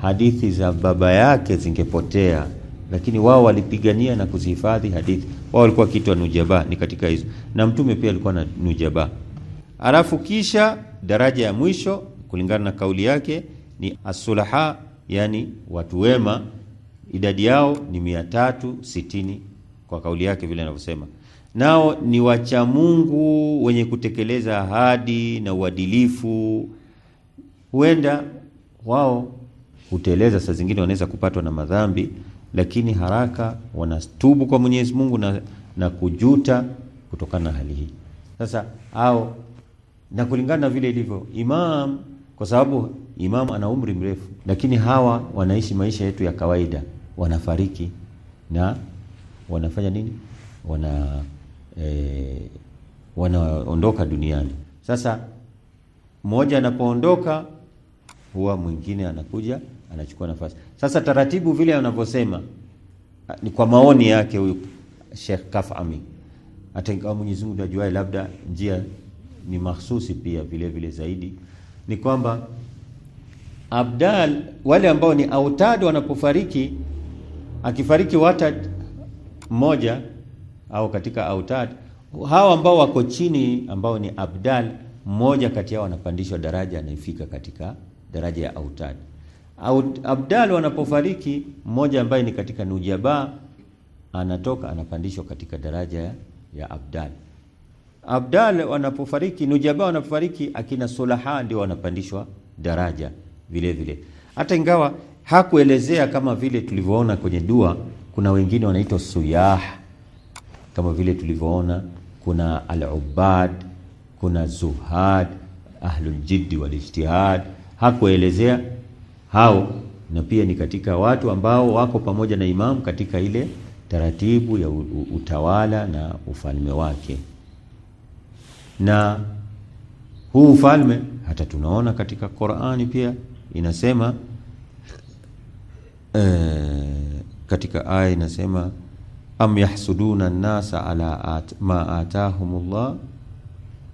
hadithi za baba yake zingepotea, lakini wao walipigania na kuzihifadhi hadithi wao walikuwa wakiitwa nujaba, ni katika hizo, na mtume pia alikuwa na nujaba. Alafu kisha daraja ya mwisho kulingana na kauli yake ni asulaha, yani watu wema, idadi yao ni mia tatu sitini kwa kauli yake vile anavyosema, nao ni wacha Mungu wenye kutekeleza ahadi na uadilifu. Huenda wao huteleza, saa zingine wanaweza kupatwa na madhambi lakini haraka wanatubu kwa Mwenyezi Mungu na, na kujuta kutokana na hali hii. Sasa au na kulingana na vile ilivyo imam, kwa sababu imam ana umri mrefu, lakini hawa wanaishi maisha yetu ya kawaida, wanafariki na wanafanya nini? Wana e, wanaondoka duniani. Sasa mmoja anapoondoka huwa mwingine anakuja anachukua nafasi. Sasa taratibu vile anavyosema ah, ni kwa maoni yake huyu Sheikh Kaf Amin, hata ingawa Mwenyezi Mungu ajuae, labda njia ni mahsusi pia vile vile zaidi ni kwamba abdal wale ambao ni autad wanapofariki, akifariki watad mmoja au katika autad hawa ambao wako chini ambao ni abdal mmoja kati yao anapandishwa daraja, anaifika katika daraja ya autad. Abdal wanapofariki mmoja ambaye ni katika nujaba anatoka anapandishwa katika daraja ya abdal. Abdal wanapofariki nujaba wanapofariki, akina sulaha ndio wanapandishwa daraja vile vile, hata ingawa hakuelezea kama vile tulivyoona kwenye dua. Kuna wengine wanaitwa suyah kama vile tulivyoona, kuna al-ubad, kuna zuhad, ahlul jiddi wal ijtihad. Hakuelezea hao na pia ni katika watu ambao wako pamoja na imamu katika ile taratibu ya utawala na ufalme wake. Na huu ufalme hata tunaona katika Qur'ani pia inasema e, katika aya inasema am yahsuduna an-nasa ala at, ma atahumullah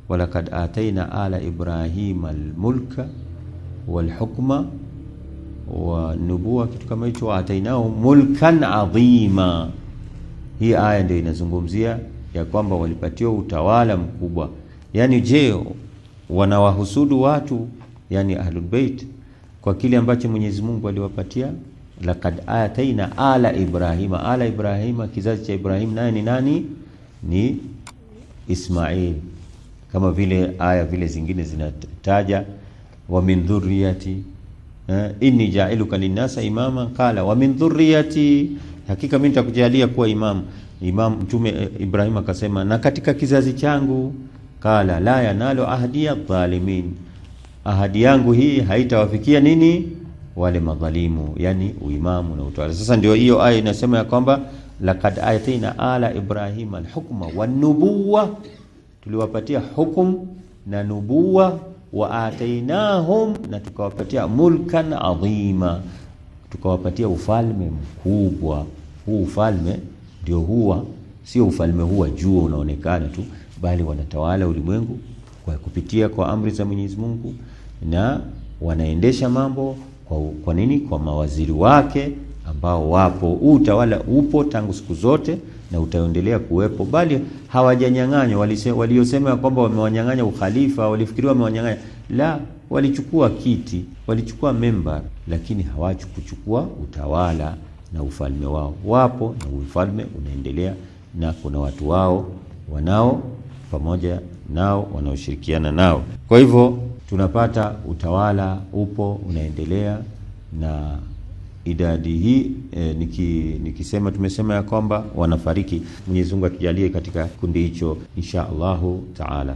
walaqad ataina ala ibrahima al-mulka wal hukma wa nubua, kitu kama hicho. wa atainao mulkan adhima, hii aya ndio inazungumzia ya kwamba walipatiwa utawala mkubwa. Yani je, wanawahusudu watu yani ahlul bait kwa kile ambacho Mwenyezi Mungu aliwapatia? Lakad ataina ala Ibrahima, ala Ibrahima, kizazi cha Ibrahim naye ni nani? Ni Ismail, kama vile aya vile zingine zinataja wa min dhurriyati eh, inni jailuka linnasa imama qala wa min dhurriyati, hakika mimi nitakujalia kuwa imam. Imam Mtume eh, Ibrahim akasema na katika kizazi changu. Qala la yanalo ahdiya dhalimin, ahadi yangu hii haitawafikia nini wale madhalimu, yani uimamu na utawala. Sasa ndio hiyo aya inasema ya kwamba laqad atina ala ibrahima alhukma wan nubuwa, tuliwapatia hukum na nubuwa wa atainahum, na tukawapatia mulkan adhima, tukawapatia ufalme mkubwa. Huu ufalme ndio huwa sio ufalme huu wa jua unaonekana tu, bali wanatawala ulimwengu kwa kupitia kwa amri za Mwenyezi Mungu na wanaendesha mambo kwa, kwa nini? Kwa mawaziri wake ambao wapo. Huu utawala upo tangu siku zote na utaendelea kuwepo, bali hawajanyang'anywa. Waliosema ya kwamba wamewanyang'anya ukhalifa, walifikiriwa wamewanyang'anya, la, walichukua kiti, walichukua memba, lakini kuchukua utawala na ufalme wao. Wapo na ufalme unaendelea, na kuna watu wao wanao pamoja nao wanaoshirikiana nao. Kwa hivyo tunapata utawala upo unaendelea na idadi hii e, niki, nikisema tumesema ya kwamba wanafariki. Mwenyezi Mungu katika kikundi hicho insha Allahu taala.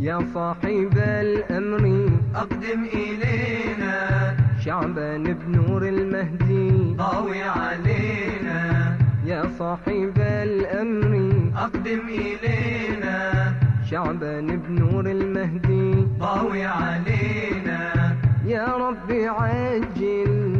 ya sahib al-amri aqdim ilayna sha'ban nur al-mahdi dawi alayna ya sahib al-amri aqdim ilayna sha'ban nur al-mahdi dawi alayna ya rabbi ajil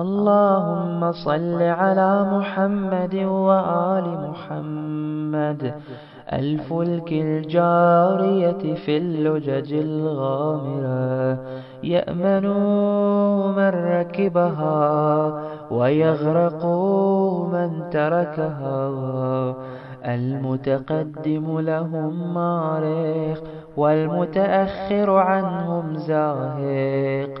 اللهم صل على محمد وآل محمد الفلك الجارية في اللجج الغامرة يأمن من ركبها ويغرق من تركها المتقدم لهم مارق والمتأخر عنهم زاهق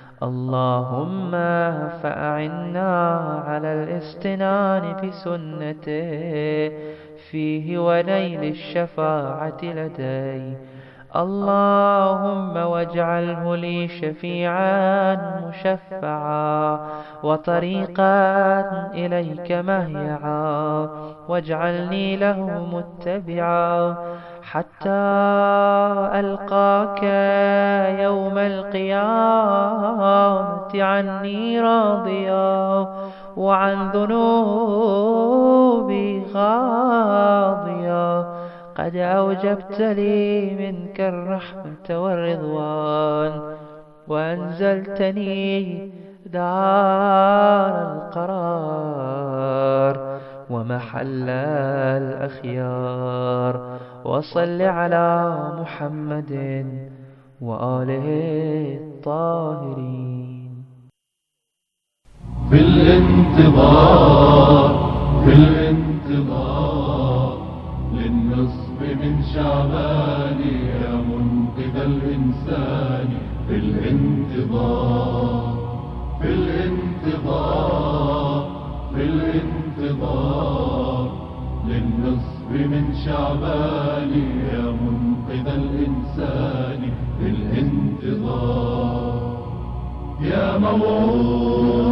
اللهم فأعنا على الاستنان بسنته فيه ونيل الشفاعة لديه اللهم واجعله لي شفيعا مشفعا وطريقا إليك مهيعا واجعلني له متبعا حتى ألقاك يوم القيامة عني راضيا وعن ذنوبي غاضيا قد أوجبت لي منك الرحمة والرضوان وأنزلتني دار القرار ومحل الأخيار وصل على محمد وآله الطاهرين بالانتظار بالانتظار من شعبان يا منقذ الإنسان في الانتظار في الانتظار في الانتظار للنصر من شعبان يا منقذ الإنسان في الانتظار يا موعود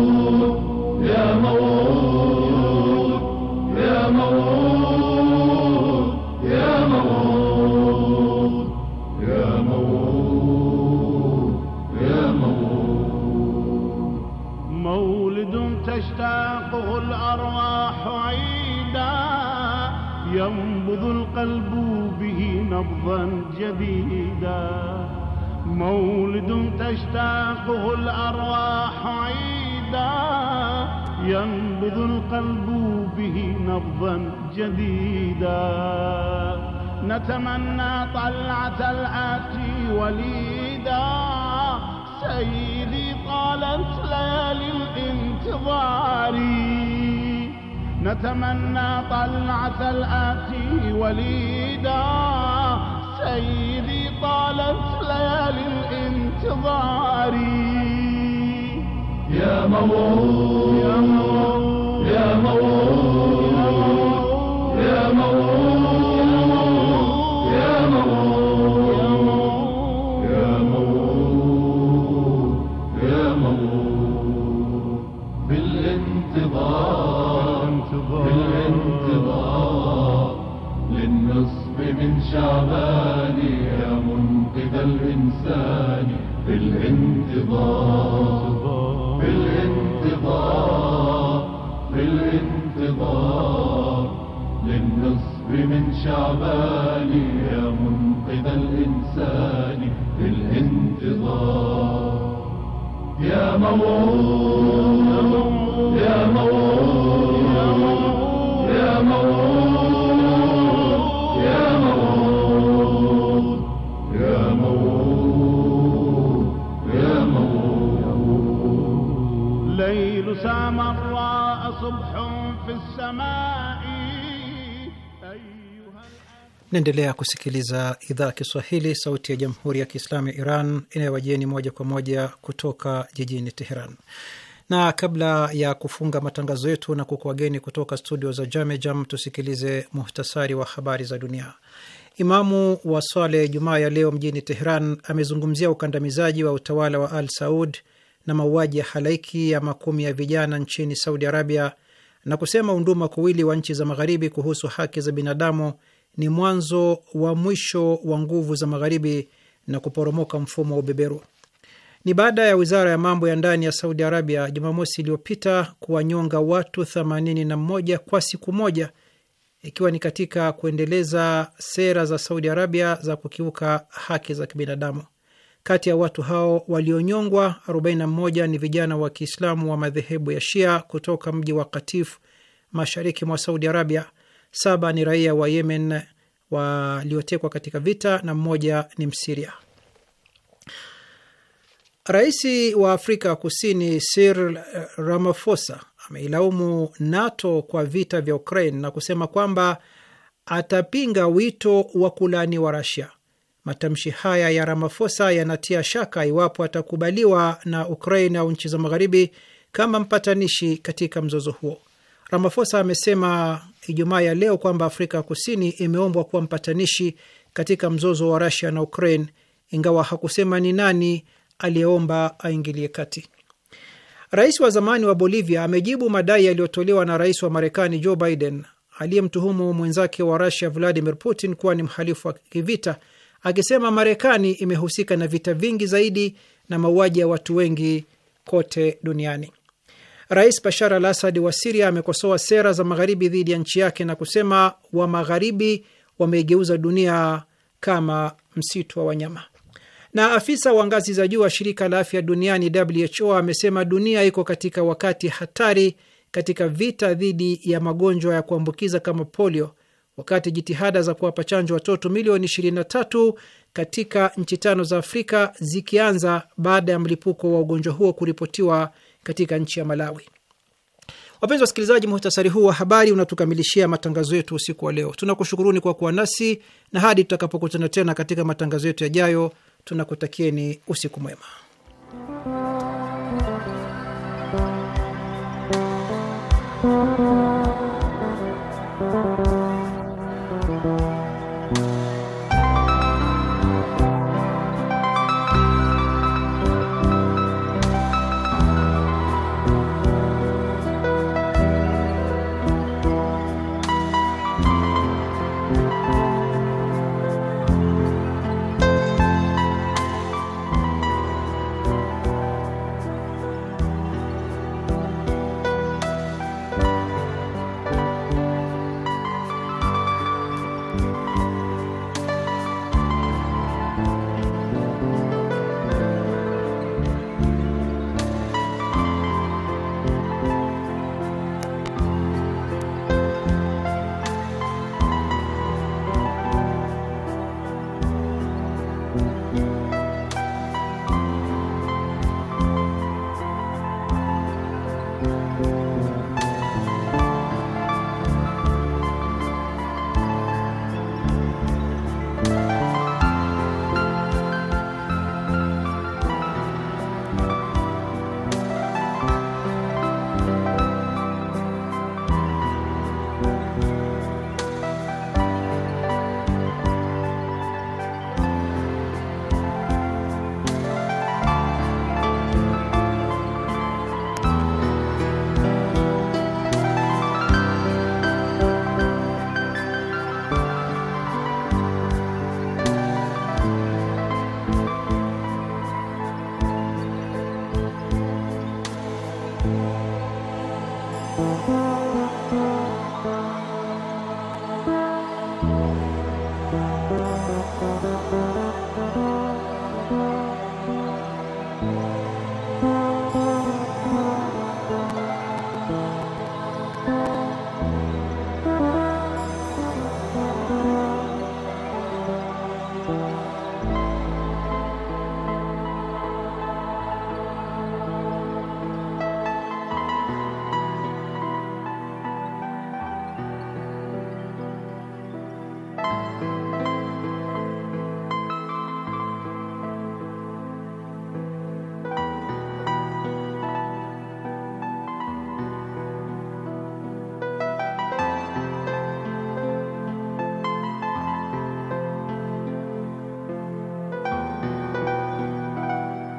حظا جديدا مولد تشتاقه الأرواح عيدا ينبض القلب به نبضا جديدا نتمنى طلعة الآتي وليدا سيدي طالت ليالي الانتظار نتمنى طلعة الآتي وليدا سيدي طالت ليالي الانتظار يا موعود يا موعود من شعبان يا منقذ الإنسان في في الانتظار الانتظار في الانتظار للنصر من شعبان يا منقذ الإنسان في الانتظار يا موعود Naendelea kusikiliza idhaa ya Kiswahili, sauti ya jamhuri ya kiislamu ya Iran inayowajieni moja kwa moja kutoka jijini Teheran. Na kabla ya kufunga matangazo yetu na kukuwageni kutoka studio za Jamejam, tusikilize muhtasari wa habari za dunia. Imamu wa swale Jumaa ya leo mjini Teheran amezungumzia ukandamizaji wa utawala wa Al Saud na mauaji ya halaiki ya makumi ya vijana nchini Saudi Arabia na kusema unduma kuwili wa nchi za Magharibi kuhusu haki za binadamu ni mwanzo wa mwisho wa nguvu za magharibi na kuporomoka mfumo wa ubeberu. Ni baada ya wizara ya mambo ya ndani ya Saudi Arabia Jumamosi iliyopita kuwanyonga watu 81 kwa siku moja, ikiwa ni katika kuendeleza sera za Saudi Arabia za kukiuka haki za kibinadamu. Kati ya watu hao walionyongwa 41 ni vijana wa Kiislamu wa madhehebu ya Shia kutoka mji wa Katif mashariki mwa Saudi Arabia saba ni raia wa Yemen waliotekwa katika vita na mmoja ni Msiria. Rais wa Afrika Kusini Cyril Ramaphosa ameilaumu NATO kwa vita vya Ukraine na kusema kwamba atapinga wito wa kulani wa Rasia. Matamshi haya ya Ramaphosa yanatia shaka iwapo atakubaliwa na Ukraine au nchi za Magharibi kama mpatanishi katika mzozo huo. Ramaphosa amesema Ijumaa ya leo kwamba Afrika ya Kusini imeombwa kuwa mpatanishi katika mzozo wa Rusia na Ukraine, ingawa hakusema ni nani aliyeomba aingilie kati. Rais wa zamani wa Bolivia amejibu madai yaliyotolewa na rais wa Marekani Joe Biden aliyemtuhumu mwenzake wa Rusia Vladimir Putin kuwa ni mhalifu wa kivita, akisema Marekani imehusika na vita vingi zaidi na mauaji ya watu wengi kote duniani. Rais Bashar al Asad wa Siria amekosoa sera za magharibi dhidi ya nchi yake na kusema wa magharibi wameigeuza dunia kama msitu wa wanyama. Na afisa wa ngazi za juu wa shirika la afya duniani WHO amesema dunia iko katika wakati hatari katika vita dhidi ya magonjwa ya kuambukiza kama polio, wakati jitihada za kuwapa chanjo watoto milioni 23 katika nchi tano za Afrika zikianza baada ya mlipuko wa ugonjwa huo kuripotiwa katika nchi ya Malawi. Wapenzi wasikilizaji, muhtasari huu wa habari unatukamilishia matangazo yetu usiku wa leo. Tunakushukuruni kwa kuwa nasi na hadi tutakapokutana tena katika matangazo yetu yajayo, tunakutakieni usiku mwema.